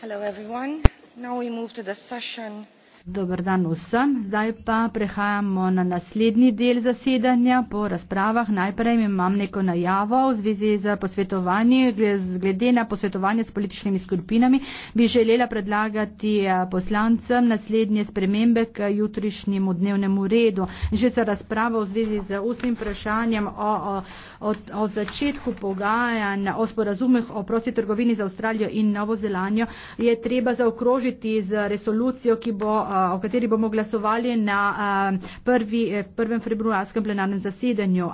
hello everyone now we move to the session on the resolution. Dobar dan vsem. Zdaj pa prehajamo na naslednji del zasedanja po razpravah. Najprej imam neko najavo v zvezi z posvetovanji. Glede na posvetovanje s političnimi skupinami bi želela predlagati eh, poslancem naslednje spremembe k jutrišnjemu dnevnemu redu. Že za razpravo v zvezi z ustnim vprašanjem o, o, o, o začetku pogajanj o sporazumih o prosti trgovini za Avstralijo in Novo Zelanjo je treba zaokrožiti z resolucijo, ki bo o kateri bomo glasovali na prvi, eh, prvem februarskem plenarnem zasedanju.